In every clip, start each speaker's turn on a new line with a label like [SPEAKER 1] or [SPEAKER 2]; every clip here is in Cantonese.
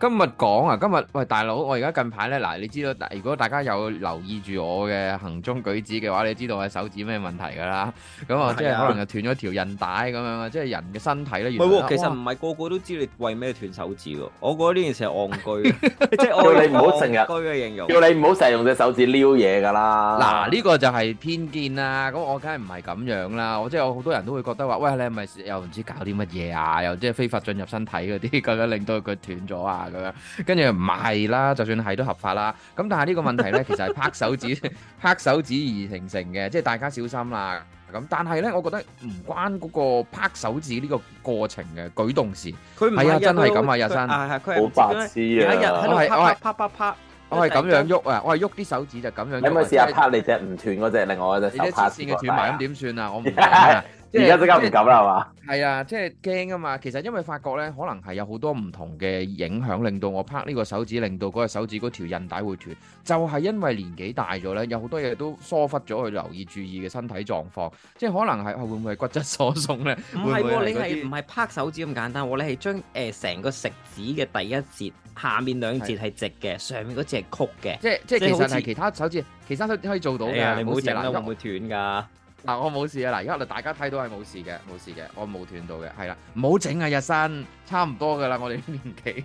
[SPEAKER 1] 今日講啊，今日喂大佬，我而家近排咧嗱，你知道如果大家有留意住我嘅行蹤舉止嘅話，你知道我手指咩問題㗎啦？咁啊，即係可能又斷咗條韌帶咁樣啊，即係人嘅身體咧。唔係喎。其實
[SPEAKER 2] 唔係哇個個都知你為咩斷手指喎。我覺得呢件事係戇居，即係叫你唔好成日叫你唔好成日用隻手指撩嘢㗎啦。嗱，呢個就係偏見
[SPEAKER 1] 啦。咁我梗係唔係咁樣啦？我即係好多人都會覺得話，喂，你係咪又唔知搞啲乜嘢啊？又即係非法進入身體嗰啲，咁 樣令到佢斷咗啊？咁樣，跟住唔係啦，就算係都合法啦。咁但係呢個問題咧，其實係拍手指、拍手指而形成嘅，即係大家小心啦。咁但係咧，我覺得唔關嗰個拍手指呢個過程嘅舉動事。佢唔係啊，真係咁啊，日新佢好白痴啊！我係我係
[SPEAKER 2] 啪啪啪，我係咁樣
[SPEAKER 1] 喐啊，我係喐啲手指就咁樣。你可唔可以試下拍你隻唔斷嗰隻，另外嗰隻手拍？線嘅斷埋咁點算啊？我唔
[SPEAKER 3] 知啊。而
[SPEAKER 1] 家即刻唔敢啦，係嘛吧？係啊，即係驚啊嘛。其實因為發覺咧，可能係有好多唔同嘅影響，令到我拍呢個手指，令到嗰個手指嗰條韌帶會斷。就係、是、因為年紀大咗咧，有好多嘢都疏忽咗去留意、注意嘅身體狀況。即係可能
[SPEAKER 2] 係會唔會係骨質疏鬆咧？唔係、啊，些你係唔係拍手指咁簡單？你係將誒成個食指嘅第一節下面兩節係直嘅，是上面嗰節係曲嘅。即即係其實係像其
[SPEAKER 1] 他手指，其他手指都可以做到嘅。你唔好整到會唔會
[SPEAKER 2] 斷噶？嗱、啊，我冇事啊！嗱，而家嚟大家睇到係冇事嘅，冇事嘅，我冇斷到嘅，係啦，
[SPEAKER 1] 唔好整啊！日新差唔多噶
[SPEAKER 2] 啦，我哋年紀。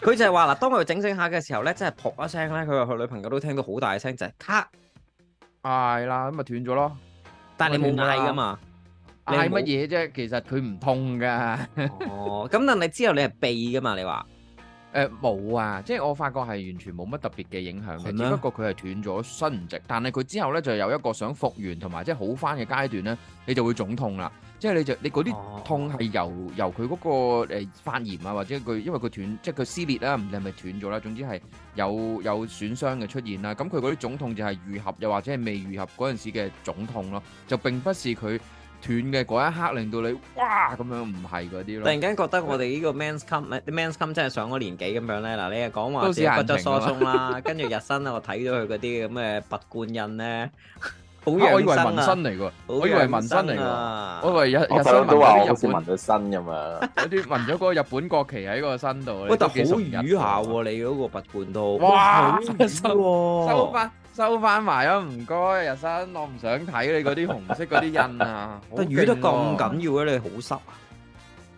[SPEAKER 2] 佢 就係話嗱，當佢整整下嘅時候咧，真係撲一聲咧，佢話佢女朋友都聽到好大嘅聲，就係、是、咔，嗌啦、啊，咁咪斷咗咯。但係你冇嗌噶嘛？嗌乜嘢啫？其實佢唔痛噶。 哦，咁但你之後你係
[SPEAKER 1] 避噶嘛？你話？冇、呃、啊，即係我發覺係完全冇乜特別嘅影響嘅，嗎只不過佢係斷咗伸直。但係佢之後咧就有一個想復原同埋即係好返嘅階段咧，你就會腫痛啦。即係你就你嗰啲痛係由由佢嗰個誒發炎啊，或者佢因為佢斷即係佢撕裂啦，唔定係咪斷咗啦。總之係有有損傷嘅出現啦。咁佢嗰啲腫痛就係愈合又或者係未愈合嗰陣時嘅腫痛咯，就並不是佢。斷嘅嗰一刻令到你哇咁樣唔係嗰啲咯，突然間覺得我哋
[SPEAKER 2] 呢個 men's come 唔係 men's come 真係上咗年紀咁樣咧。嗱，你又講話節骨質疏鬆啦，跟住日新啊，我睇到佢嗰啲咁嘅拔罐印咧，好養生啊！我以為紋身嚟㗎，我以為紋身嚟㗎，我以為日日新都話好似紋咗身咁啊！我啲紋咗嗰個日本國旗喺個身度，哇！但係好儒下喎，你嗰個拔罐都哇，收
[SPEAKER 1] 翻。收翻埋咯，唔該，日新，我唔想睇你嗰啲紅色嗰啲印啊！
[SPEAKER 2] 但魚都咁緊要嘅，你好濕啊，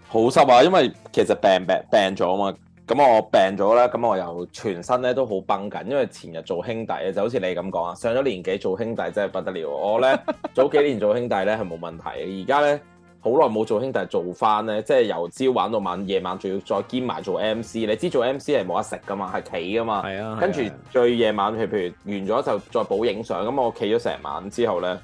[SPEAKER 3] 好濕啊，因為其實病病病咗啊嘛，咁我病咗啦，咁我又全身咧都好繃緊，因為前日做兄弟，就好似你咁講啊，上咗年紀做兄弟真係不得了，我咧早幾年做兄弟咧係冇問題，而家咧。好耐冇做兄弟，做翻咧，即係由朝玩到晚，夜晚仲要再兼埋做 MC。你知做 MC 係冇得食噶嘛，係企噶嘛。係啊。跟住、啊、最夜晚，譬如完咗就再補影相。咁、嗯、我企咗成晚之後呢，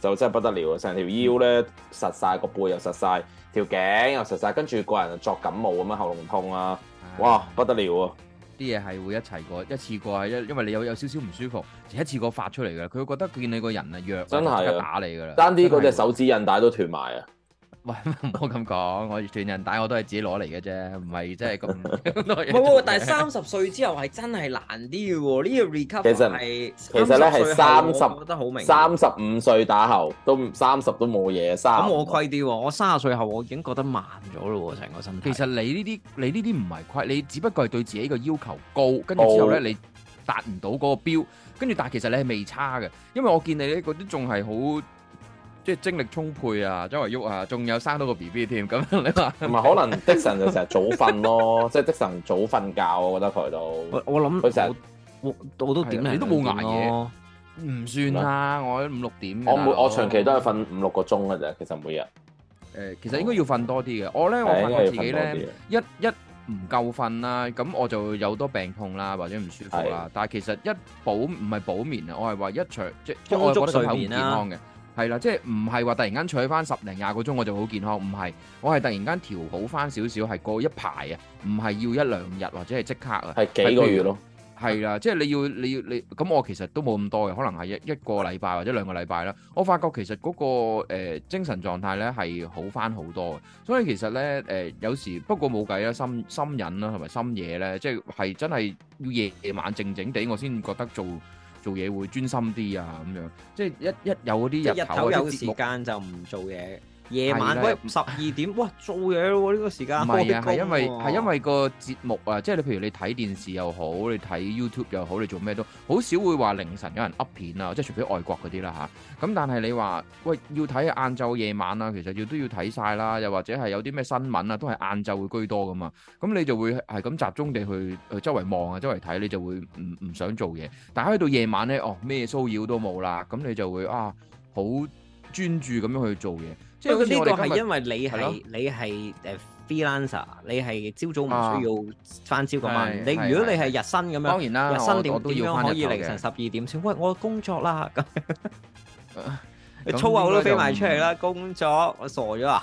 [SPEAKER 3] 就真係不得了，成條腰呢實晒，個背又實晒，條頸又實晒。跟住個人就作感冒咁樣，喉嚨
[SPEAKER 1] 痛啊！啊哇，不得了啊！啲嘢係會一齊過，一次過，因因為你有有少少唔舒服，一次過發出嚟嘅，佢會覺得見你個人啊弱，即、啊、刻打你噶啦。單啲佢隻手指
[SPEAKER 3] 韌帶都斷埋啊！
[SPEAKER 1] 喂，唔好咁講，我全人帶我都係自己攞嚟嘅啫，唔係真係
[SPEAKER 2] 咁。 但係三十歲之後係真係難啲嘅喎，呢個 recap 其實係，其實咧係三十，我覺得好明，三
[SPEAKER 3] 十五歲打後都三十都冇
[SPEAKER 1] 嘢。三咁我虧
[SPEAKER 2] 啲，我三十歲後我已經覺得慢咗咯，成個身其實你呢啲，你
[SPEAKER 1] 呢啲唔係虧，你只不過係對自己個要求高，跟住之後咧了你達唔到嗰個標，跟住但係其實你係未差嘅，因為我見你咧嗰啲仲係好。.即係精力充沛啊，周圍喐啊，仲有生到個 B B 添，咁你話唔係可能的神就成日早瞓咯，
[SPEAKER 3] 即係的神早瞓覺，我覺得佢都我我諗佢成
[SPEAKER 2] 日我我都點啊，你都
[SPEAKER 3] 冇捱夜，唔
[SPEAKER 1] 算啊，我五六點，我每我長期
[SPEAKER 3] 都係瞓五六個鐘
[SPEAKER 1] 嘅啫，其實每日誒，其實應該要瞓多啲嘅，我咧我發覺自己咧一一唔夠瞓啦，咁我就有多病痛啦，或者唔舒服啦，但係其實一補唔係補眠啊，我係話一長即係充足睡眠啦，健康嘅。係啦，即係唔係話突然間取翻十零廿個鐘我就好健康，唔係，我係突然間調好翻少少，係過一排啊，唔係要一兩日或者係即刻啊，係幾個月咯，係啦，即係你要你要你，咁我其實都冇咁多嘅，可能係一一個禮拜或者兩個禮拜啦。我發覺其實嗰、嗰個誒、呃、精神狀態咧係好翻好多嘅，所以其實咧誒、呃、有時不過冇計啦，心心忍啦，同埋深夜咧，即係係真係要夜晚靜靜地我先覺得做。
[SPEAKER 2] 做嘢會專心啲啊，咁樣
[SPEAKER 1] 即係一一有嗰
[SPEAKER 2] 啲日，日頭有時間就唔做嘢。夜晚喂十二點，哇做嘢喎呢個時間，唔係啊，係、啊、因為係因為
[SPEAKER 1] 個節目啊，即係你譬如你睇電視又好，你睇 YouTube 又好，你做咩都好少會話凌晨有人 up 片啊，即係除非外國嗰啲啦吓，咁、啊、但係你話喂要睇晏晝夜晚啊，其實要都要睇晒啦，又或者係有啲咩新聞啊，都係晏晝會居多噶嘛。咁你就會係咁集中地去，去周圍望啊，周圍睇你就會唔唔想做嘢。但係去到夜晚咧，哦咩騷擾都冇啦，咁你就會啊好專注咁樣去做嘢。
[SPEAKER 2] 即係呢個係因為你係你係誒 freelancer，你係朝早唔需要翻朝九晚。你如果你係日薪咁樣，當然啦，我我都要翻工嘅。日薪點點樣可以凌晨十二點先？喂，我工作啦咁，
[SPEAKER 1] 粗口都飛埋出嚟啦！
[SPEAKER 2] 工作，我傻咗啊！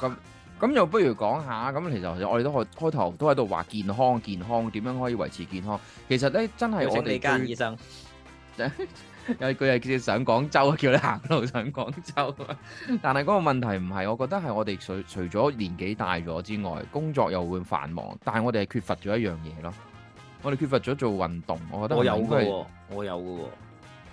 [SPEAKER 2] 咁又不如講下咁，其實我哋都開開頭都喺度話
[SPEAKER 1] 健康，健康點樣可以維持健康？其實咧，真係我哋。請你間醫生。又佢係叫你上廣州，叫你行路上廣州啊！但係嗰個問題唔係，我覺得係我哋除除咗年紀大咗之外，工作又會繁忙，但係我哋係缺乏咗一樣嘢咯。我哋缺乏咗做運動。我覺得我有嘅
[SPEAKER 2] 喎，我有嘅喎。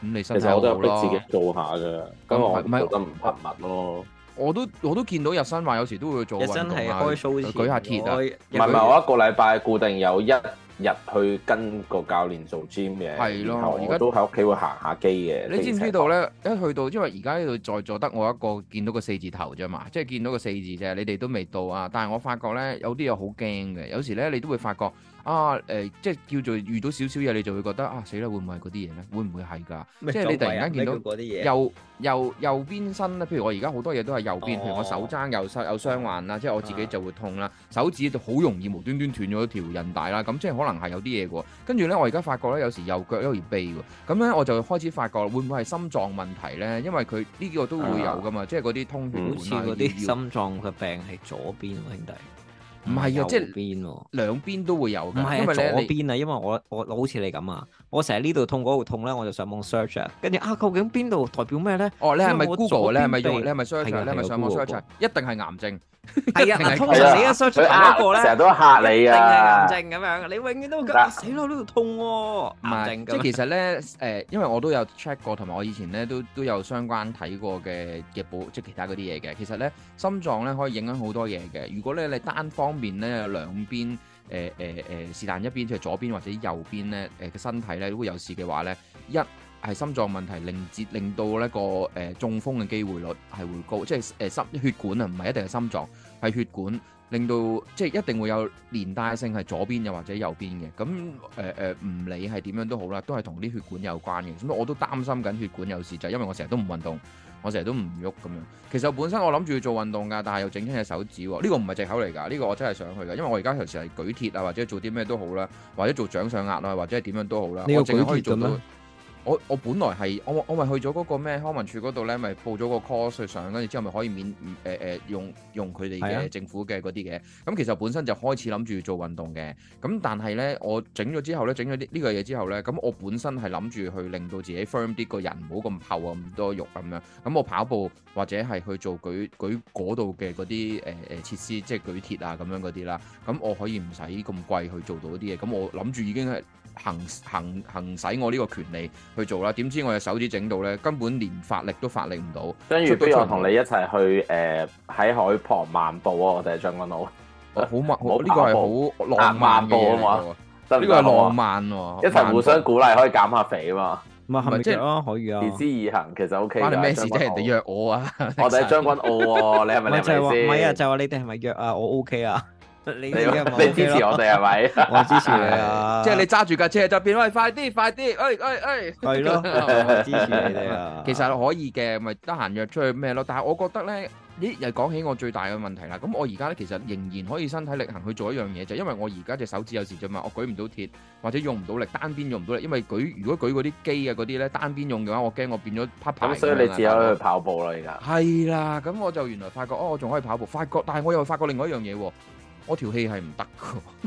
[SPEAKER 3] 咁你身體都好咯。其實我都逼自己做下嘅，咁我唔係覺得唔頻唔密咯。我
[SPEAKER 1] 都我都見到日新話有時都會做運動下，舉下鐵啊！唔係唔係，我一
[SPEAKER 3] 個禮拜固定有一入去跟個教練做 gym 嘅係囉，而家都喺屋企會行下機嘅。在機程你知唔知
[SPEAKER 1] 道咧？一去到，因為而家呢度在座得我一個見到個四字頭啫嘛，即係見到個四字啫。你哋都未到啊！但係我發覺咧，有啲嘢好驚嘅。有時咧，你都會發覺。啊，誒、呃，即係叫做遇到少少嘢，你就會覺得啊，死啦，會唔會係嗰啲嘢咧？會唔會係㗎？麼即係你突然間見到啲嘢，右右右邊身咧，譬如我而家好多嘢都係右邊，哦、譬如我手踭右有傷患啦，即係我自己就會痛啦，哦、手指就好容易無端端斷咗條韌帶啦，咁即係可能係有啲嘢喎。跟住咧，我而家發覺咧，有時右腳好易痹喎，咁咧我就開始發覺會唔會係心臟問題咧？因為佢呢個都會有㗎嘛，哦、即係嗰啲通血管，好似嗰啲心
[SPEAKER 2] 臟嘅病喺左邊喎，兄弟。唔係啊，即係兩邊喎，兩邊都會有。唔係啊，左邊啊，因為我我好似你咁啊，我成日呢度痛，嗰度痛咧，我就上網 search 啊，跟住啊，究竟邊度代表咩咧？哦，你係咪 Google 咧？係咪用？你係咪 search 咧？你係咪上網 search？一定係癌症。係啊，通常你一 search 頭嗰個咧，成日都嚇你啊，定係
[SPEAKER 1] 癌症咁樣。你永
[SPEAKER 2] 遠都咁，死咯，呢度痛喎。唔係，即係其
[SPEAKER 1] 實咧，誒，因為我都有 check 過，同埋我以前咧都都有相關睇過嘅嘅保，即係其他嗰啲嘢嘅。其實咧，心臟咧可以影響好多嘢嘅。如果咧你單方面咧有兩邊，誒誒誒，邊呃呃、邊是但一邊即係左邊或者右邊咧，誒、呃、個身體咧都會有事嘅話咧，一係心臟問題，令至令到呢、那個誒、呃、中風嘅機會率係會高，即係誒心血管啊，唔係一定係心臟，係血管，令到即係一定會有連帶性係左邊又或者右邊嘅，咁誒誒唔理係點樣都好啦，都係同啲血管有關嘅，咁我都擔心緊血管有事，就係因為我成日都唔運動。我成日都唔喐咁樣，其實本身我諗住要做運動㗎，但係又整親隻手指喎，呢個唔係藉口嚟㗎，呢個我真係想去㗎，因為我而家有時係舉鐵啊，或者做啲咩都好啦，或者做掌上壓啊，或者係點樣都好啦，這個 我淨係可以做到。我我本來係我我咪去咗嗰個咩康文署嗰度咧，咪、就是、報咗個 course 上，跟住之後咪可以免誒誒、呃呃、用用佢哋嘅政府嘅嗰啲嘅。咁其實本身就開始諗住做運動嘅。咁但係咧，我整咗之後咧，整咗呢呢個嘢之後咧，咁我本身係諗住去令到自己 firm 啲個人，唔好咁厚啊，咁多肉咁樣。咁我跑步或者係去做舉舉嗰度嘅嗰啲誒誒設施，即係舉鐵啊咁樣嗰啲啦。咁我可以唔使咁貴去做到啲嘢。咁我諗住已經係。行行行使我呢個權利去做啦，點知我隻手指整到咧，根本連發力都發力唔到。不如我同你一齊去誒喺海旁漫步啊，我哋係將軍澳。好慢，
[SPEAKER 2] 好呢個係好浪漫嘅啊嘛，呢個係浪漫，
[SPEAKER 3] 一齊互相鼓勵可以減下肥啊嘛。
[SPEAKER 2] 咪係咪即係咯？可以啊。言之易行，其實 O K。發生咩事啫？人哋約我啊？我哋係將軍澳，你係咪你嚟？唔係啊，就話你哋係咪約啊？我 O K 啊。你你支持我哋係咪？我支持你啊！即係你
[SPEAKER 1] 揸住架車就變喂，快啲快啲，哎
[SPEAKER 2] 哎哎！係咯，是的 支持你
[SPEAKER 1] 哋啊！其實可以嘅，咪得閒約出去咩咯？但係我覺得咧，咦又講起我最大嘅問題啦。咁我而家咧其實仍然可以身體力行去做一樣嘢，就因為我而家隻手指有事咋嘛，我舉唔到鐵或者用唔到力，單邊用唔到力。因為舉如果舉嗰啲機啊嗰啲咧單邊用嘅話，我驚我變咗趴趴。咁所以你只有去跑步啦，而家係啦。咁我就原來發覺哦，我仲可以跑步。發覺，但係我又發覺另外一樣嘢喎。我條氣係唔得，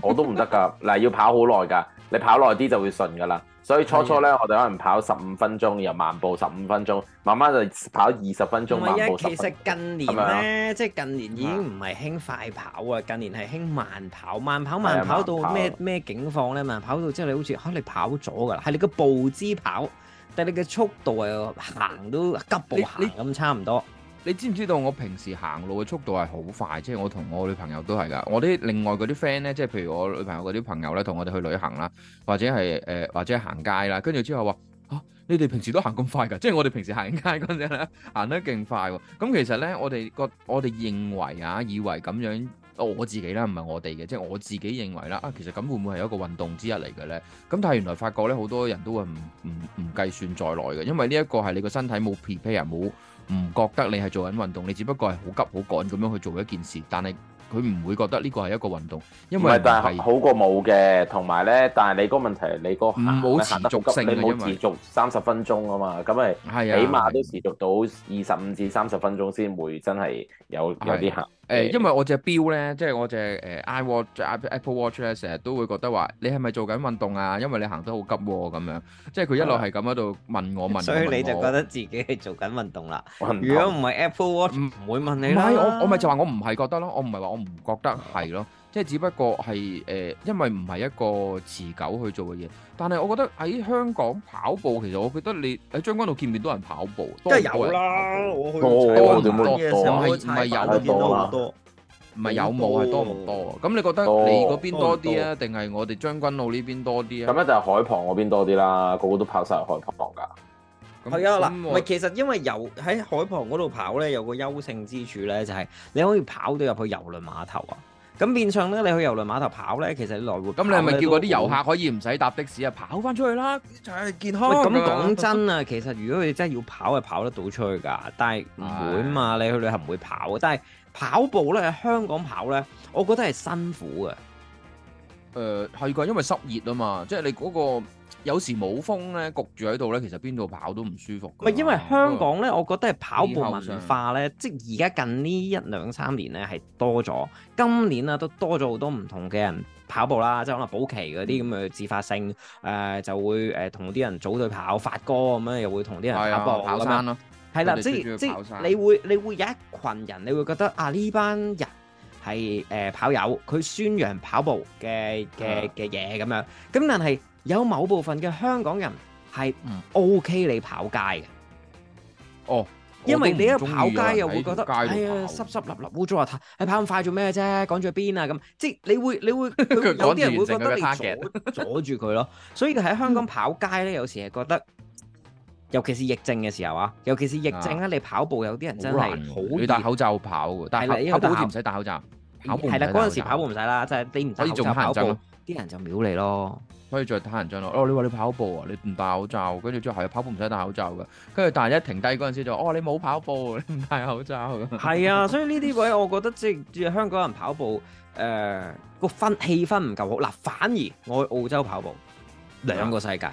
[SPEAKER 1] 我都唔得
[SPEAKER 3] 㗎。嗱，要跑好耐㗎，你跑耐啲就會順㗎啦。所以初初呢，的我哋可能跑十五分鐘，又慢步十五分鐘，慢慢就跑二十分鐘，慢步其實
[SPEAKER 2] 近年呢，即係近年已經唔係興快跑啊，的近年係興慢跑。慢跑慢跑到咩咩境況呢？慢跑到之後你好似嚇、啊、你跑咗㗎啦，係你個步姿跑，但係你嘅速度又行都急步行咁差唔多，你知唔知道我平時
[SPEAKER 1] 行路嘅速度係好快，即係我同我女朋友都係噶。我啲另外嗰啲 friend 咧，即係譬如我女朋友嗰啲朋友咧，同我哋去旅行啦，或者係誒、呃、或者行街啦，跟住之後話、啊、你哋平時都行咁快噶？即係我哋平時行街嗰陣咧，行得勁快。咁其實咧，我哋個我哋認為啊，以為咁樣，我自己啦，唔係我哋嘅，即係我自己認為啦。啊，其實咁會唔會係一個運動之一嚟嘅咧？咁但係原來發覺咧，好多人都會唔唔唔計算在內嘅，因為呢一個係你個身體冇 prepare 冇。唔覺得你係做緊運動，你只不過係好急好趕咁樣去做一件事，但係佢唔會覺得呢個係一個運動，因為係好
[SPEAKER 3] 過冇嘅。同埋呢，但係你個問題，你個行冇持續性，行得好急，你冇持續三十分鐘啊嘛，咁係為、啊、起碼都持續到二十五至三十分鐘先會真係有、啊、有啲行。誒、欸，因
[SPEAKER 1] 為我隻表咧，即係我隻誒 iWatch、呃、watch, Apple Watch 咧，成日都會覺得話你係咪做緊運動啊？因為你行得好急喎、啊，咁樣，即係佢一路係咁喺度問我問我，問我，所以你就覺得
[SPEAKER 2] 自己係做緊運動啦。說如果唔係 Apple Watch 唔會不不問你啦。係，我我咪就話
[SPEAKER 1] 我唔係覺得咯，我唔係話我唔覺得係咯。即係只不過係誒，因為唔係一個持久去做嘅嘢。但係我覺得喺香港跑步，其實我覺得你喺將軍澳見唔見多人跑步？即係有啦，我去踩單
[SPEAKER 2] 車嘅時候，唔係唔係有見多
[SPEAKER 1] 唔多，唔係有冇係多唔多啊？咁你覺得你嗰邊多啲啊，
[SPEAKER 3] 定
[SPEAKER 2] 係我哋將軍澳呢邊多啲啊？咁咧就係
[SPEAKER 3] 海旁嗰邊多啲啦，個個都跑晒去海旁
[SPEAKER 2] 噶。係啊，嗱，唔係其實因為有喺海旁嗰度跑咧，有個優勝之處咧，就係你可以跑到入去郵輪碼頭啊。咁變相咧，你去遊輪碼頭跑咧，其實你來回。咁你係咪叫嗰啲遊客可以唔使搭的士啊，哦、跑翻出去啦？
[SPEAKER 1] 就係健康。咁講真
[SPEAKER 2] 啊， 其實如果佢真係要跑啊，跑得到出去㗎，但係唔會啊嘛。的你去旅行唔會跑啊。但係跑步咧，喺香港跑咧，我覺得係辛苦啊。
[SPEAKER 1] 誒係㗎，因為濕熱啊嘛，即係你嗰個有時冇風咧，焗住喺度咧，其實邊度
[SPEAKER 2] 跑都唔舒服。唔係因為香港咧，我覺得係跑步文化咧，即係而家近呢一兩三年咧係多咗。今年啊，都多咗好多唔同嘅人跑步啦，即係可能保期嗰啲咁嘅自發性誒，就會誒同啲人組隊跑、發歌咁樣，又會同啲人跑步跑山咯。係啦，即即係你會你會有一群人，你會覺得啊呢班人。係誒跑友，佢宣揚跑步嘅嘅嘅嘢咁樣。咁但係有某部分嘅香港人係唔 OK 你跑街嘅。哦，因為你一跑街又會覺得，哎呀濕濕立立污糟邋遢，你跑咁快做咩啫？趕咗去邊啊？咁即係你會你會有啲人會覺得你阻阻住佢咯。所以喺香港跑街咧，有時係覺得，尤其是疫症嘅時候啊，尤其是疫症咧，你跑步有啲人真係要戴口罩跑，但係跑步好似唔使戴口罩。係啦，嗰陣的時跑步唔使啦，即係你唔戴口罩，跑步，啲人就
[SPEAKER 1] 秒你咯。可以再睇人真咯。哦，你話你跑步啊，你唔戴口罩，跟住之後係跑步唔使
[SPEAKER 2] 戴口罩噶。跟住但係一停低嗰陣時就，哦，你冇跑步，你唔戴口罩。係啊，所以呢啲位，我覺得即係香港人跑步，誒、呃、個氛氣氛唔夠好。嗱、呃，反而我去澳洲跑步，兩個世界。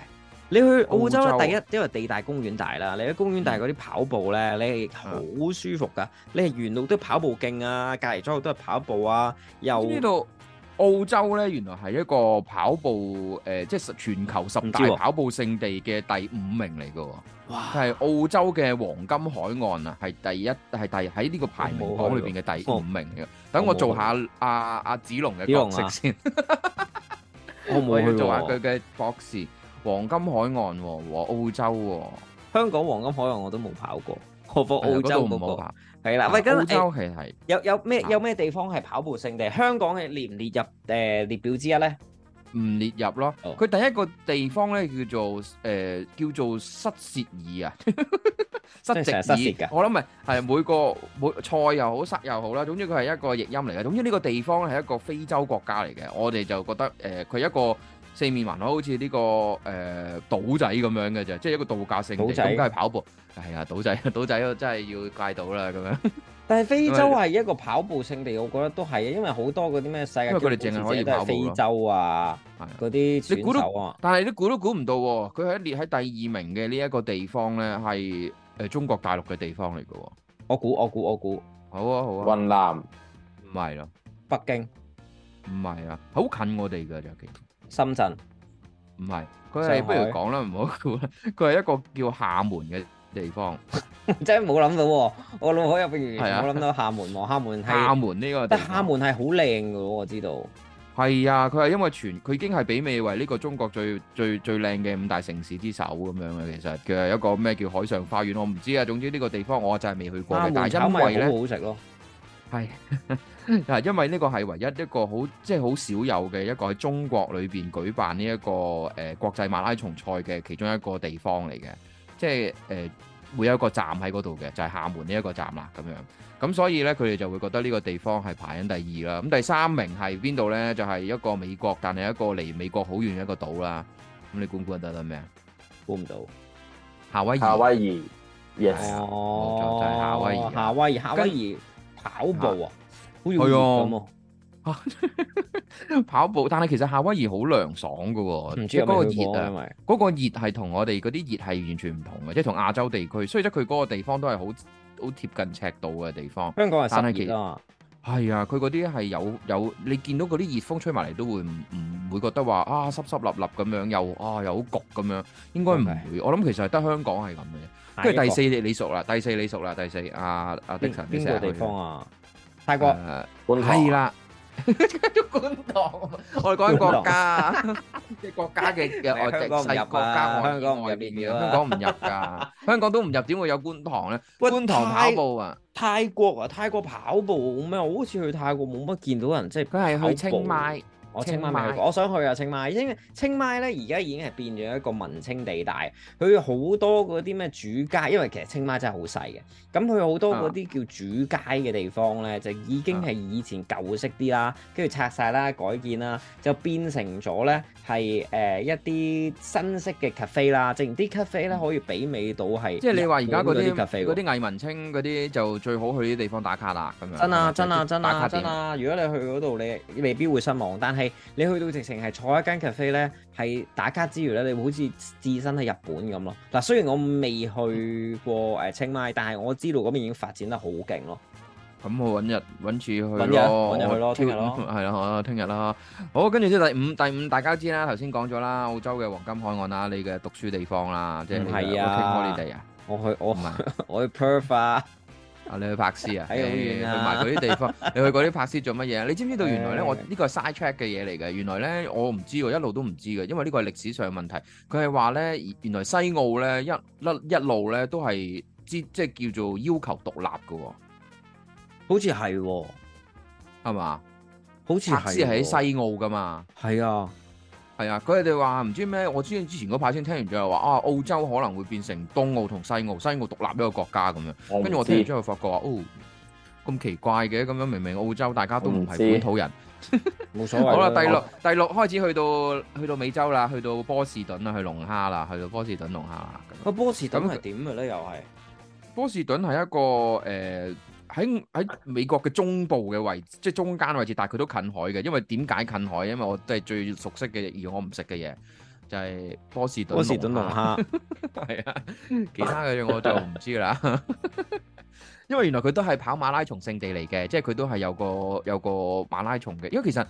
[SPEAKER 2] 你去澳洲，澳洲第一，因為地大公園大啦。你喺公園大嗰啲跑步咧，你係好舒服噶。你係沿路都跑步徑啊，隔離左右都係跑步啊。又呢度澳洲咧，原來係一
[SPEAKER 1] 個跑步誒、呃，即係全球十大跑步勝地嘅第五名嚟噶、啊。哇！係澳洲嘅黃金海岸啊，係第一，係第喺呢個排名榜裏邊嘅第五名嘅。等我，、哦、我做下阿、啊、阿、啊啊、子龍嘅角色
[SPEAKER 2] 先、啊。我唔會做下佢
[SPEAKER 1] 嘅博士。黃金海岸喎，澳洲喎，
[SPEAKER 2] 香港黃金海岸我都冇跑過，我跑澳洲嗰個係啦，喂，跟住澳洲係係有有咩，有咩地方係跑步勝地？香港係列唔列入誒列表之一咧？唔列入咯，佢第一個地方咧叫做誒叫做塞
[SPEAKER 1] 舌爾啊，塞舌爾，我諗咪係每個每菜又好塞又好啦，總之佢係一個譯音嚟嘅，總之呢個地方係一個非洲國家嚟嘅，我哋就覺得誒佢一個。四面環海，好似呢個誒、呃、島仔咁樣嘅啫，即係一個度假勝地咁。梗係仔跑步係啊、哎，島仔島仔，真係要戒島啦咁樣。
[SPEAKER 2] 但係非洲係一個跑步勝地，我覺得都係啊，因為好多嗰啲咩世界級嘅選手，因為佢哋淨係可以跑步都係非洲啊，嗰啲選手啊。
[SPEAKER 1] 但係你估都估唔到，佢喺列喺第二名嘅呢一個地方咧，係誒中國大陸嘅地方嚟嘅。我估，我估，我估好啊，好啊，雲南唔係咯，北京唔係京啊，好近我哋嘅就幾。深圳唔係，佢係不如講啦，唔好佢佢係一個叫
[SPEAKER 2] 廈門嘅地方。真係冇諗到喎！我腦海入邊，我諗到廈門喎，廈門廈門，呢個得廈門係好靚嘅喎，我知道。係啊，佢係因為全
[SPEAKER 1] 佢已經係被譽為呢個中國最最最靚嘅五大城市之首咁樣嘅。其實佢係一個咩叫海上花園，我唔知啊。總之呢個地方我就係未去過嘅。但係因為咧，係。嗱，因為呢個係唯一一個好，即係好少有嘅一個喺中國裏邊舉辦呢、這、一個誒、呃、國際馬拉松賽嘅其中一個地方嚟嘅，即係誒、呃、會有一個站喺嗰度嘅，就係、是、廈門呢一個站啦，咁樣，咁所以咧佢哋就會覺得呢個地方係排緊第二啦，咁第三名係邊度咧？就係、是、一個美國，但係一個離美國好遠嘅一個島啦。咁你估估得得咩啊？估唔到，夏威夏威夷
[SPEAKER 2] ，yes，哦，就係、夏威夷，夏威夷，夏威夷，跟，
[SPEAKER 1] 跑步啊！係哦，吓跑步，但係其實夏威夷好涼爽噶喎，唔知嗰個熱啊，嗰個熱係同我哋嗰啲熱係完全唔同嘅，即係同亞洲地區，所以即係佢嗰個地方都係好好貼近赤道嘅地方。香港係，但係其實啊，佢嗰啲係有有，你見到嗰啲熱風吹埋嚟都會唔唔會覺得話啊濕濕立立咁樣，又啊又好焗咁樣，應該唔會。我諗其實係得香港係咁嘅。
[SPEAKER 2] 跟住第四
[SPEAKER 1] 你熟啦，第四你熟啦，第四阿阿的神邊個地方啊？泰國，係啦、呃，都觀塘，我哋講緊國家啊，國家嘅嘅外籍唔入啊， 香港入外邊嘅，香港唔入噶，
[SPEAKER 2] 香港都唔入，點會有觀塘咧？觀喂塘跑步啊泰，泰國啊，泰國跑步咩？我好似去泰國冇乜見到人，即係佢係去清邁。我清邁，我想去啊！清邁，清邁咧，而家已經係變咗一個文青地帶。佢好多嗰啲咩主街，因為其實清邁真係好細嘅。咁佢好多嗰啲叫主街嘅地方咧，啊、就已經係以前舊式啲啦，跟住、啊、拆晒啦，改建啦，就變成咗咧係誒一啲新式嘅 cafe 啦。正如啲 cafe 咧可以媲美到係，即係你話而家嗰啲嗰啲偽文青嗰啲，就最好去啲地方打卡啦。咁樣真啊打卡真啊，真啊真啊！如果你去嗰度，你未必會失望，但係你去到直情係坐一間 cafe 咧，係打卡之餘咧，你會好似置身喺日本咁咯。嗱，雖然我未去過誒清邁，但係我知道嗰邊已經發展得好勁咯。咁、嗯、我
[SPEAKER 1] 揾日揾住去咯，揾日揾日去咯，聽我日，日咯，係啦，聽、嗯、日啦。好，跟住即係第五，第五大家知啦，頭先講咗啦，澳洲嘅黃金海岸啦，你嘅讀書地方啦，即係係啊，我去，我唔係， 我去 Perth 啊。 啊！ 你去柏斯啊，有去埋嗰啲地方， 你去嗰啲柏斯做乜嘢啊？你知唔知道原來咧，我呢個係 side track 嘅嘢嚟嘅。原來咧，我唔知，一路都唔知嘅，因為呢個係歷史上嘅問題。佢係話咧，原來西澳咧一一一路咧都係即係叫做要求獨立㗎，好似係、哦，係吧、哦、嘛？好似係喺西澳噶嘛？係啊。係啊，佢哋話唔知咩，我之之前嗰排先聽完之後又話啊，澳洲可能會變成東澳同西澳，西澳獨立一個國家咁樣。跟住我，不 我聽完之後發覺話，哦，咁奇怪嘅，咁樣明明澳洲大家都唔係本土人，冇 所謂。 好啦，第六第六開始去到去到美洲啦，去到波士頓啦，去龍蝦啦，去到波士頓龍蝦啦。個波士頓係點嘅咧？又係波士頓係一個誒。呃喺喺美國嘅中部嘅位置，即係中間位置，但係佢都近海嘅，因為點解近海？因為我都係最熟悉嘅而我唔食嘅嘢，就係、係、波士頓波士頓龍蝦，係啊，其他嘅嘢我就唔 知啦。 因為原來佢都係跑馬拉松聖地嚟嘅，即係佢都係有個有個馬拉松嘅，因為其實。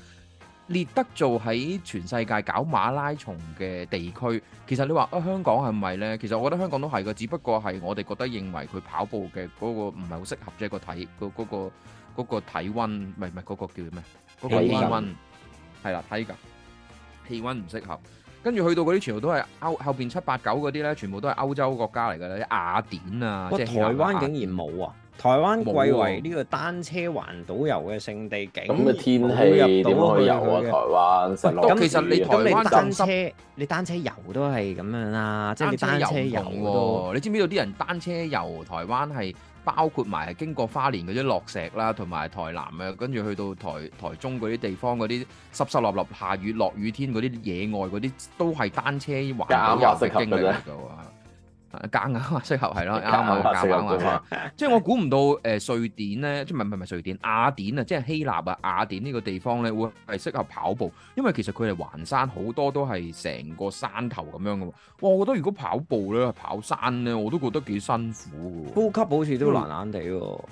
[SPEAKER 1] 列德做喺全世界搞馬拉松嘅地區，其實你話啊香港係咪咧？其實我覺得香港都係㗎，只不過係我哋覺得認為佢跑步嘅嗰個唔係好適合，啫、嗰個。係、嗰個體嗰嗰個、嗰個體溫，唔係唔係嗰個叫咩？嗰、嗰個氣溫係啦，睇㗎氣溫唔適合。跟住去到嗰啲全部都係歐後邊七八九嗰啲咧，全部都係歐洲國家
[SPEAKER 2] 嚟㗎啦，啲雅典啊，啊即係是台灣竟然冇啊！台灣貴為呢個單車環島遊嘅聖地景，景咁嘅天氣點好，點可以遊啊？台灣，咁其實你台灣單車你單車，你單車遊都係咁樣啦、啊，即係你單車遊喎。遊你
[SPEAKER 1] 知唔知道啲人單車遊台灣係包括埋係經過花蓮嗰啲落石啦，同埋台南呀，跟住去到台台中嗰啲地方嗰啲濕濕落落下雨落雨天嗰啲野外嗰啲都係單車環島遊嘅經歷嘅啫。夾硬啊，適合係咯，啱啊，夾硬即係我估唔到誒、呃，瑞典咧，即係唔係唔係瑞典，雅典啊，即係希臘啊，雅典呢個地方咧，會係適合跑步，因為其實佢哋環山，好多都係成個山頭咁樣嘅喎。哇，我覺得如果跑步咧，跑山咧，我都覺得幾辛苦嘅，呼吸好似都懶懶地。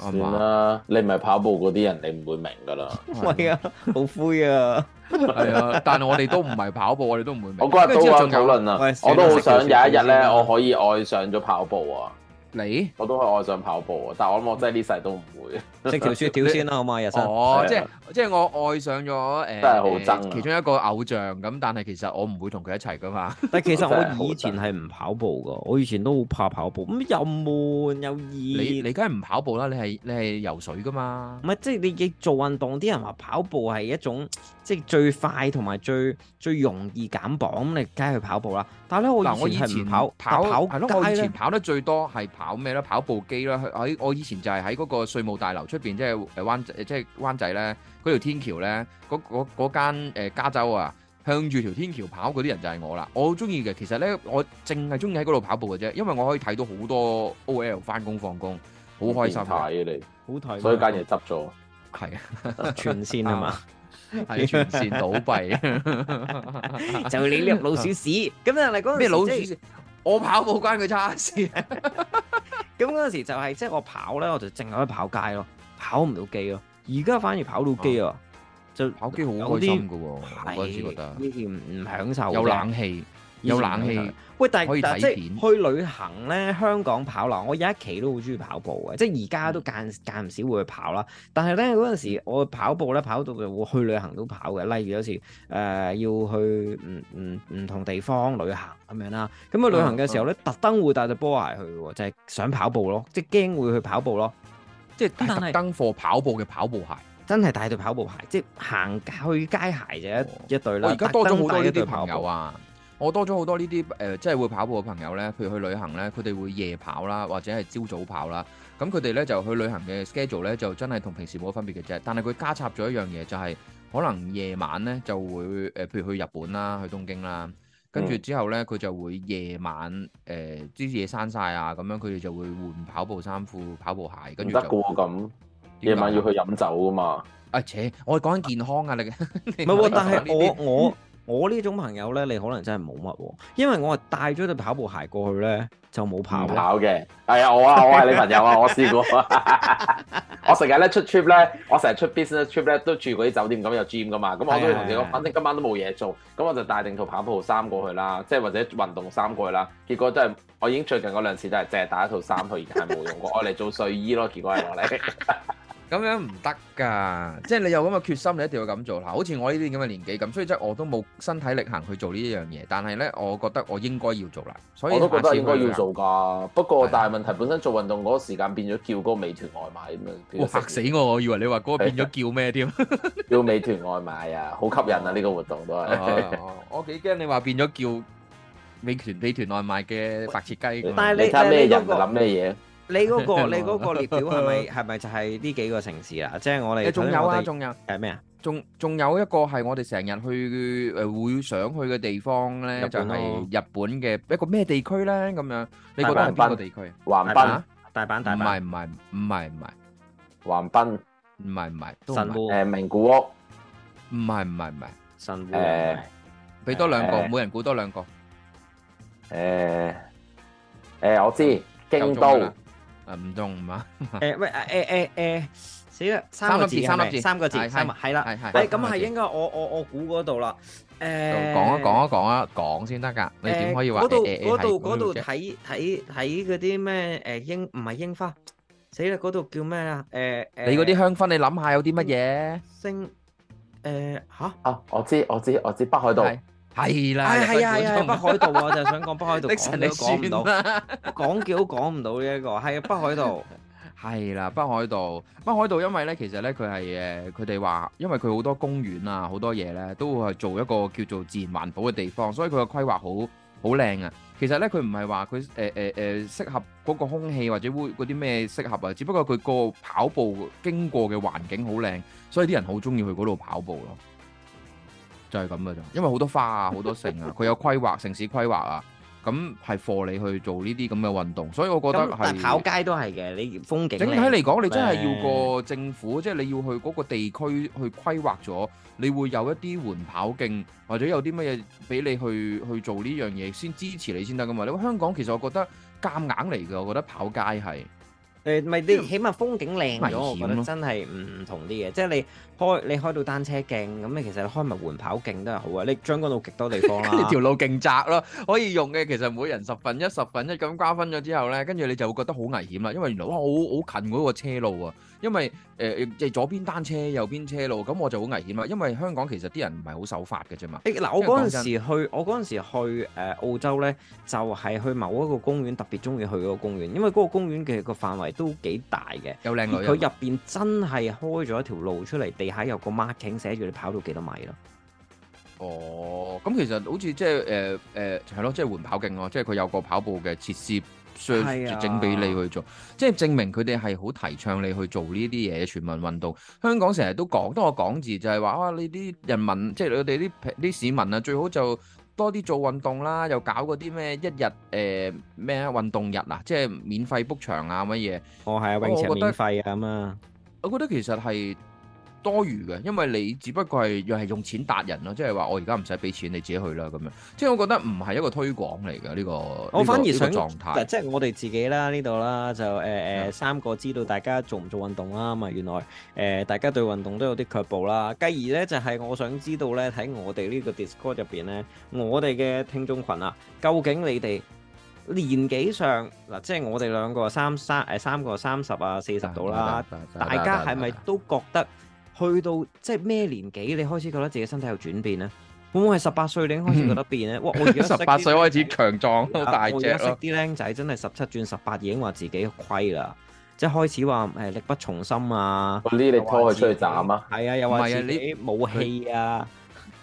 [SPEAKER 2] 算啦，
[SPEAKER 3] 你唔係跑步嗰啲人，你唔會明噶啦。
[SPEAKER 2] 係啊，好灰啊。係 啊，
[SPEAKER 1] 但係我哋都唔係跑步，我哋都唔會明。我嗰日都話討論啊，了我都好想有一日咧，我
[SPEAKER 3] 可以愛上咗跑步啊。你我都係愛上跑步啊，但係我諗我真係呢世都唔
[SPEAKER 1] 會即條雪條先啦，好嘛，日新哦、oh, Yeah.，即係即係我愛上咗誒，真係好憎其中一個偶像咁，但係其實我唔會同佢一齊噶嘛。 但係其實我以前係唔跑步
[SPEAKER 2] 噶，我以前都好怕跑步，咁又悶又熱。你你梗係唔跑步啦，你係你係游水噶嘛？唔係，即係你亦做運動啲人話跑步係一種即係最快同埋最最容易減磅，咁你梗係去跑步啦。但我嗱，我以前跑跑係咯，我以前
[SPEAKER 1] 跑得最多係跑咩咧？跑步機啦，喺我以前就係喺嗰個稅務大樓出邊，即係誒灣即係灣仔咧嗰條天橋咧，嗰嗰間誒加州啊，向住條天橋跑嗰啲人就係我啦。我好中意嘅，其實咧我淨係中意喺嗰度跑步嘅啫，因為我可以睇到好多 OL 翻工放工，好開心，啊、你
[SPEAKER 2] 好睇，所以間嘢執咗，係 啊， 全線啊嘛。 係全線倒閉，就你呢隻老鼠屎。咁樣嚟講，咩老鼠屎？我跑步關佢差事。咁嗰陣時就係即係我跑咧，我就淨係可以跑街咯，跑唔到機咯。而家反而跑到機啊，就跑機好開心噶喎。些我只覺得呢前唔享受，有冷氣。有冷氣是。喂是，但但即係去旅行咧，香港跑樓，我有一期都好中意跑步嘅，即係而家都間間唔少會去跑啦。但係咧嗰陣時，我跑步咧跑到就會去旅行都跑嘅，例如有時誒、呃、要去唔唔唔同地方旅行咁樣啦。咁去旅行嘅時候咧，嗯嗯、特登會帶對波鞋去嘅，就係、是、想跑步咯，即係驚會去跑步咯，即係特登貨跑步嘅跑步鞋，真係帶對跑步鞋，即係行去街鞋就一一對
[SPEAKER 1] 啦。而家、哦、多咗好多一對朋友啊！我多咗好多呢啲誒，即係會跑步嘅朋友咧，譬如去旅行咧，佢哋會夜跑啦，或者係朝早跑啦。咁佢哋咧就去旅行嘅 schedule 咧，就真係同平時冇分別嘅啫。但係佢加插咗一樣嘢，就係可能夜晚咧就會誒，譬如去日本啦，去東京啦，跟住之後咧佢就會晚、呃、夜晚誒，啲嘢晒啊咁樣，佢哋就會換跑步衫褲、跑步鞋，跟住就嘅咁夜晚要去飲酒啊嘛、哎？啊，且ー 我係講緊健康啊，你嘅唔係喎。但係我我。 這個
[SPEAKER 2] 我呢種朋友呢，你可能真係冇乜喎，因為我係帶咗對跑步鞋過去呢，就冇跑跑嘅。
[SPEAKER 3] 係、哎、啊，我啊，我係你朋友啊， 我試過啊。
[SPEAKER 2] 我成日
[SPEAKER 3] 呢出 trip 呢，我成日出 business trip 呢，都住嗰啲酒店咁有 gym 㗎嘛。咁我都同你講，是是是是反正今晚都冇嘢做，咁我就帶定套跑步衫過去啦，即係或者運動衫過去啦。結果真係，我已經最近嗰兩次都係淨係帶一套衫去，而家係冇用過。我嚟做睡衣咯，結果係我嚟。
[SPEAKER 1] 咁樣唔得噶，即係你有咁嘅決心，你一定要咁做。嗱，好似我呢啲咁嘅年紀咁，所以即係我都冇身體力行去做呢一樣嘢。但係咧，我覺得我應該要做啦。所以都我都覺得應該要做
[SPEAKER 3] 㗎。的不過，但係問題本身做運動嗰個時間變咗叫嗰個美團外賣咁樣。嚇
[SPEAKER 1] 死我！我以為你話嗰個變咗叫咩添？ 叫美團外賣啊，好吸引啊！呢、呢個活動都係、 啊。我幾驚你話變咗叫美團美團外賣嘅白切雞。
[SPEAKER 2] 喂你睇咩你人就諗咩嘢？你嗰個你嗰個列表係咪係咪就係呢幾個城市啦？即係我哋仲有啊，仲有係咩啊？
[SPEAKER 1] 仲仲有一個係我哋成日去誒會想去嘅地方咧，就係日本嘅一個咩地區咧？咁樣你覺得係邊個地區啊？橫濱、大阪、大阪，唔係，唔係，唔係，唔係。橫濱，唔係，唔係。新屋，誒名古屋，唔係，唔係，唔係，新屋，誒，俾多兩個，每人估多兩個誒，誒，我知京都。唔動唔慢。誒
[SPEAKER 2] 喂誒誒誒，死啦！三個字，三個字，三個字，係啦。係係。誒咁係應該我我我估嗰度啦。誒，講一講一
[SPEAKER 1] 講一講先得㗎。你點可以話？嗰度嗰度嗰度睇
[SPEAKER 2] 睇睇嗰啲咩？誒櫻唔係櫻花，死啦！嗰度叫咩啊？誒，你嗰啲
[SPEAKER 1] 香薰，你諗下有啲乜嘢？星，誒吓。啊，我知我知我
[SPEAKER 3] 知，
[SPEAKER 2] 北海道。係啦，係啊，係啊的，北海道啊，我就想講北海道，你都講唔到，講嘢都講唔到呢一個，係北海道，係啦，北海道，北海道
[SPEAKER 1] 因為咧，其實咧佢係誒，佢哋話因為佢好多公園啊，好多嘢咧，都會係做一個叫做自然環保嘅地方，所以佢嘅規劃好好靚啊。其實咧，佢唔係話佢誒誒誒適合嗰個空氣或者會嗰啲咩適合啊，只不過佢個跑步經過嘅環境好靚，所以啲人好中意去嗰度跑步咯。就係咁嘅啫，因為好多花啊，好多城啊，佢有規劃城市規劃啊，咁係貨你去做呢啲咁嘅運動，所以我覺得但係跑街
[SPEAKER 2] 都係嘅，你風景整體嚟講，你真係要個政
[SPEAKER 1] 府，麼即係你要去嗰個地區去規劃咗，你會有一啲緩跑徑，或者有啲乜嘢俾你去去做呢樣嘢，先支持你先得噶嘛。你香港其實我覺得
[SPEAKER 2] 夾硬嚟嘅，我覺得跑街係誒，唔係、欸、你起碼風景靚咗我覺得真係唔同啲嘢。即係你。開你開到單車徑咁，你其實你開埋緩跑徑都係好啊！你將嗰度極多地方啦， 條路勁窄咯，可以用嘅其實每人十分一、十分一咁
[SPEAKER 1] 瓜分咗之後呢，跟住你就會覺得好危險啦，因為原來哇，好好近嗰個車路啊，因為誒即係左邊單車，右邊車路，咁我就好危險啊，因為香港其實啲人唔係好守法嘅啫嘛。嗱、欸，我嗰陣時
[SPEAKER 2] 去，我嗰陣時去誒、呃、澳洲呢，就係、是、去某一個公園，特別中意去嗰個公園，因為嗰個公園嘅個範圍都幾大嘅，又靚，佢入邊真係開咗一條路出嚟地。睇有個 marking 寫住你跑到幾多米咯。哦，咁其實好似即係誒誒係咯，即係緩跑徑咯，即係佢有個跑步嘅設
[SPEAKER 1] 施，整俾你去做，即係證明佢哋係好提倡你去做呢啲嘢全民運動。香港成日都講多個講字，就係話啊，你啲人民即係你哋啲啲市民啊，最好就多啲做運動啦，又搞嗰啲咩一日誒咩運動日啊，即係免費 book 場啊乜嘢。哦，係啊，泳池免費啊咁啊。我覺得其實係。多餘嘅，因為你只不過係又係用錢達人咯，即係話我而家唔
[SPEAKER 2] 使俾錢，你自己去啦咁樣。即、就、係、是、我覺得唔係一個推廣嚟嘅呢個。我反而想，嗱，即係我哋自己啦，呢度啦，就誒誒、呃、對 三個知道大家做唔做運動啦嘛。原來誒、呃、大家對運動都有啲卻步啦。繼而呢，就係、是、我想知道呢，喺我哋呢個 Discord 入邊呢，我哋嘅聽眾群啊，究竟你哋年紀上嗱，即、就、係、是、我哋兩個三三誒、呃、三個三十啊四十度啦，對吧 大家係咪都覺得？去到即係咩年紀，你開始覺得自己身體有轉變咧？會唔會係十八歲你已經開始覺得變咧？嗯、哇！我而家十八歲開始強壯、啊、大隻啦、啊！啲僆仔真係十七轉十八已經話自己虧啦，即係開始話誒、欸、力不從心啊！呢、啊、你拖佢出去斬啊！係啊，又話自己冇氣啊！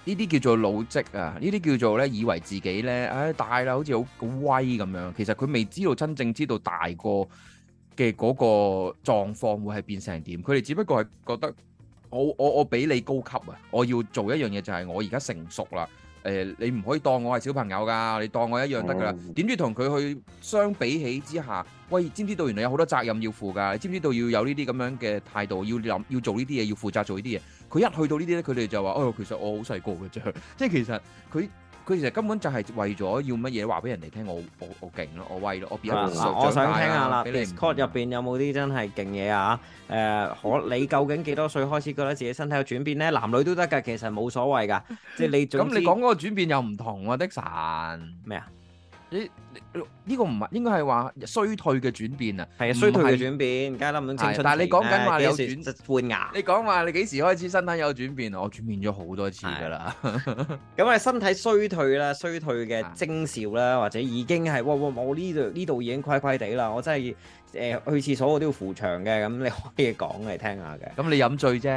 [SPEAKER 2] 呢啲叫做老
[SPEAKER 1] 積啊！呢啲叫做咧以為自己咧唉、哎、大啦，好似好好威咁樣。其實佢未知道真正知道大個嘅嗰個狀況會係變成點。佢哋只不過係覺得。我我我比你高級啊！我要做一樣嘢就係我而家成熟啦。誒，你唔可以當我係小朋友㗎，你當我一樣得㗎啦。點知同佢去相比起之下，喂，知唔知道原來有好多責任要負㗎？你知唔知道要有呢啲咁樣嘅態度，要諗，要做呢啲嘢，要負責做呢啲嘢。佢一去到呢啲咧，佢哋就話：哦，其實我好細個㗎啫，即係其實佢。佢其實根本就係為咗要乜嘢話俾人哋聽，我我我勁咯，我威咯，yeah, 我變咗，我想聽下啦，Discord
[SPEAKER 2] 入邊有冇啲真係勁嘢啊？誒、呃，我你究竟幾多歲開始覺得自己身體有轉變咧？男女都得㗎，其實冇所謂㗎。 即係你總之咁 你講嗰個轉變又唔同喎，的神咩啊？麼
[SPEAKER 1] 你呢個唔係，應該係話衰退嘅轉變啊，係啊，衰退嘅轉
[SPEAKER 2] 變，而家諗唔諗青春？但係你講緊話有轉換牙，你講話你幾時開始身體有轉變？我轉變咗好多次噶啦，咁啊是 身體衰退啦，衰退嘅徵兆啦，或者已經係，我呢度呢度已經規規地虧虧哋啦，我真係誒、呃、去廁所我都要扶牆嘅，咁你可以講嚟聽下嘅。咁你飲醉啫，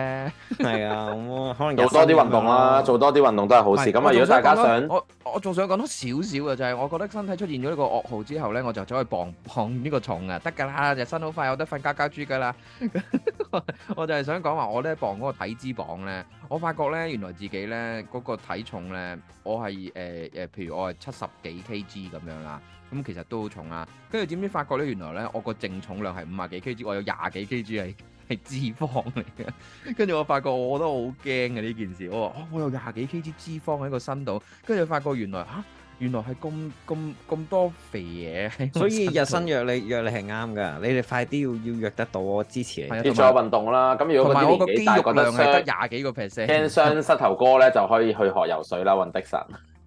[SPEAKER 2] 係 啊、嗯，可能做多啲運動啦、啊，做
[SPEAKER 3] 多啲運動都係好事。咁啊 是，如果大家想
[SPEAKER 1] 我，我我仲想講多少少嘅就係，我覺得身體出現咗。一個噩耗之後咧，我就走去磅磅呢個重啊，得噶啦，就身好快我得瞓家家豬噶啦。 我就係想講話，我咧磅嗰個體脂磅咧，我發覺咧，原來自己咧嗰、那個體重咧，我係誒誒，譬如我係七十幾 K G 咁樣啦，咁、嗯、其實都好重啊。跟住點知發覺咧，原來咧我個淨重量係五十幾 K G，我有廿幾 K G 係係脂肪嚟嘅。跟住我發覺我，我都好驚嘅呢件事。我話哦，我有廿幾 K G 脂肪喺個身度，跟住發覺原來吓。啊原來係咁咁咁多肥嘢，所以日新
[SPEAKER 2] 約你約你係啱噶，你哋快啲要要約得到，我支持你。做下運動啦，
[SPEAKER 3] 咁如果個肌肉量，覺得廿
[SPEAKER 2] 幾個 percent，傷
[SPEAKER 3] 膝頭哥咧就可以去學游水啦，
[SPEAKER 2] 揾的神。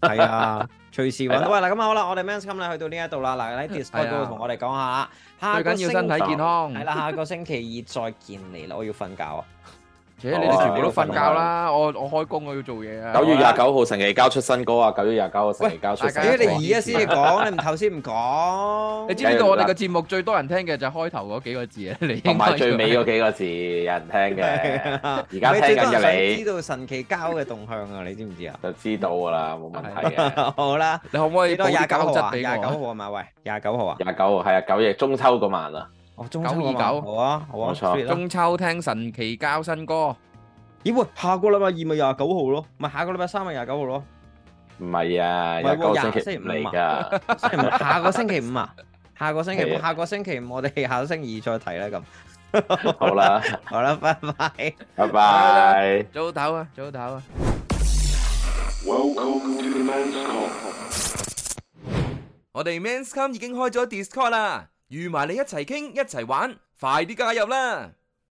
[SPEAKER 2] 係啊，隨時揾到啊！咁好啦，我哋 men's come 咧去到呢一度啦，嗱，喺 Discord 嗰度同我哋講下。最緊要身體健康。係啦，下個星期二再見你啦，我要瞓覺啊！誒，你哋全部都瞓覺啦！我我開工，我要做嘢啊！九月廿
[SPEAKER 3] 九號神奇交出新歌啊！九月廿九號神奇交出。喂，你而
[SPEAKER 2] 家先至講，你唔頭先唔講。你
[SPEAKER 1] 知唔知道我哋個節目最多人聽嘅就係開頭嗰幾個字啊？你同埋最尾嗰
[SPEAKER 3] 幾個字有人
[SPEAKER 2] 聽嘅。而家聽緊嘅你，知道神奇交嘅動向啊？你知唔知啊？就知道噶啦，冇問題嘅。好啦，你可唔可以播膠質俾我？廿九號啊嘛，喂，廿九號啊？廿
[SPEAKER 3] 九號係啊，九月中秋嗰晚啊。
[SPEAKER 2] 哦，中秋二九，好啊，好啊，冇錯。中秋聽神奇交新歌，咦喂，下個禮拜二咪廿九號咯，咪下個禮拜三咪廿九號咯？
[SPEAKER 3] 唔係啊，唔係個星期嚟噶，下個星期五
[SPEAKER 2] 啊？下個星期下個星期五，我哋下個星期二再睇啦。咁好啦，好啦，拜拜，拜拜，早唞啊，早唞啊。Welcome to the
[SPEAKER 1] men's come。我哋 Men's Come 已經開咗 Discord 啦。預埋你一齊傾，一齊玩，快啲加入啦！